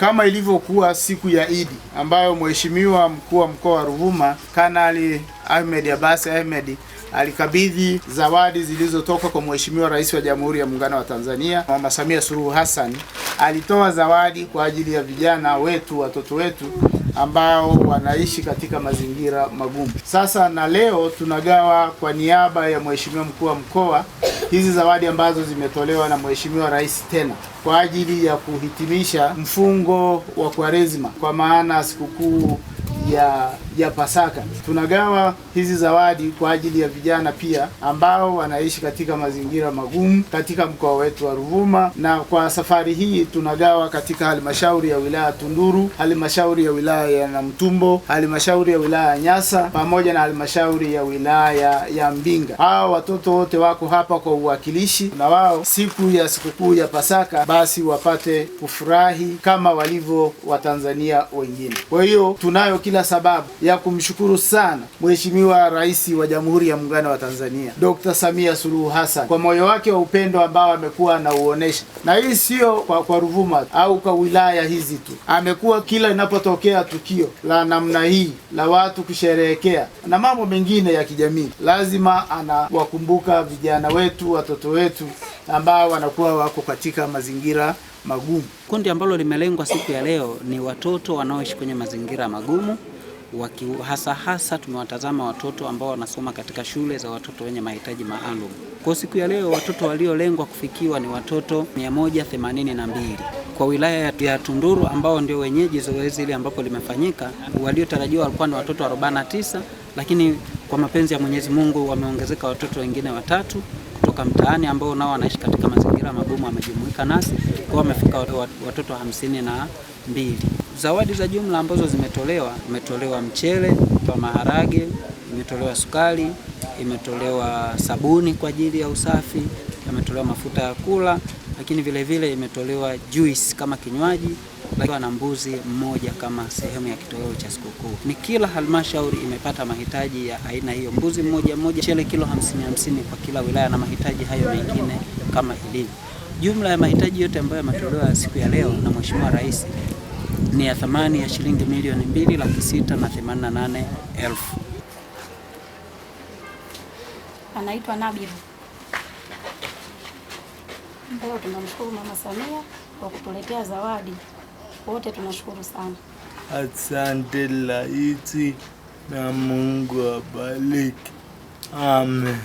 kama ilivyokuwa siku ya Idi ambayo Mheshimiwa mkuu wa mkoa wa Ruvuma Kanali Ahmed Abasi Ahmed alikabidhi zawadi zilizotoka kwa Mheshimiwa Rais wa Jamhuri ya Muungano wa Tanzania Mama Samia Suluhu Hassan. Alitoa zawadi kwa ajili ya vijana wetu, watoto wetu ambao wanaishi katika mazingira magumu. Sasa na leo tunagawa kwa niaba ya Mheshimiwa mkuu wa mkoa hizi zawadi ambazo zimetolewa na Mheshimiwa Rais tena kwa ajili ya kuhitimisha mfungo wa Kwaresima kwa maana sikukuu ya ya Pasaka. Tunagawa hizi zawadi kwa ajili ya vijana pia ambao wanaishi katika mazingira magumu katika mkoa wetu wa Ruvuma, na kwa safari hii tunagawa katika halmashauri ya wilaya ya Tunduru, halmashauri ya wilaya ya Namtumbo, halmashauri ya wilaya ya Nyasa pamoja na halmashauri ya wilaya ya Mbinga. Hao watoto wote wako hapa kwa uwakilishi, na wao siku ya sikukuu ya Pasaka basi wapate kufurahi kama walivyo Watanzania wengine. Kwa hiyo tunayo kila tuna sababu ya kumshukuru sana Mheshimiwa Rais wa Jamhuri ya Muungano wa Tanzania Dr. Samia Suluhu Hassan kwa moyo wake wa upendo ambao amekuwa anauonesha, na hii sio kwa, kwa Ruvuma au kwa wilaya hizi tu. Amekuwa kila inapotokea tukio la namna hii la watu kusherehekea na mambo mengine ya kijamii, lazima anawakumbuka vijana wetu, watoto wetu ambao wanakuwa wako katika mazingira magumu. Kundi ambalo limelengwa siku ya leo ni watoto wanaoishi kwenye mazingira magumu waki, hasa hasa tumewatazama watoto ambao wanasoma katika shule za watoto wenye mahitaji maalum. Kwa siku ya leo watoto waliolengwa kufikiwa ni watoto 182 kwa wilaya ya Tunduru ambao ndio wenyeji zoezi ile ambapo limefanyika. Waliotarajiwa walikuwa ni watoto 49 lakini kwa mapenzi ya Mwenyezi Mungu wameongezeka watoto wengine watatu kutoka mtaani ambao nao wanaishi katika mazingira magumu wamejumuika nasi kwa wamefika watoto hamsini na mbili. Zawadi za jumla ambazo zimetolewa, imetolewa mchele kwa maharage, imetolewa sukari, imetolewa sabuni kwa ajili ya usafi, imetolewa mafuta ya kula, lakini vile vile imetolewa juice kama kinywaji lakini na mbuzi mmoja kama sehemu ya kitoweo cha sikukuu. Ni kila halmashauri imepata mahitaji ya aina hiyo, mbuzi mmoja mmoja, chele kilo hamsini hamsini kwa kila wilaya na mahitaji hayo mengine kama ilivyo. Jumla ya mahitaji yote ambayo yametolewa siku ya leo na Mheshimiwa Rais ni ya thamani ya shilingi milioni mbili laki sita na themanini na nane elfu. Anaitwa Nabil. Leo tunamshukuru Mama Samia kwa kutuletea zawadi wote tunashukuru sana. Asante Laiti, na Mungu abariki. Amen.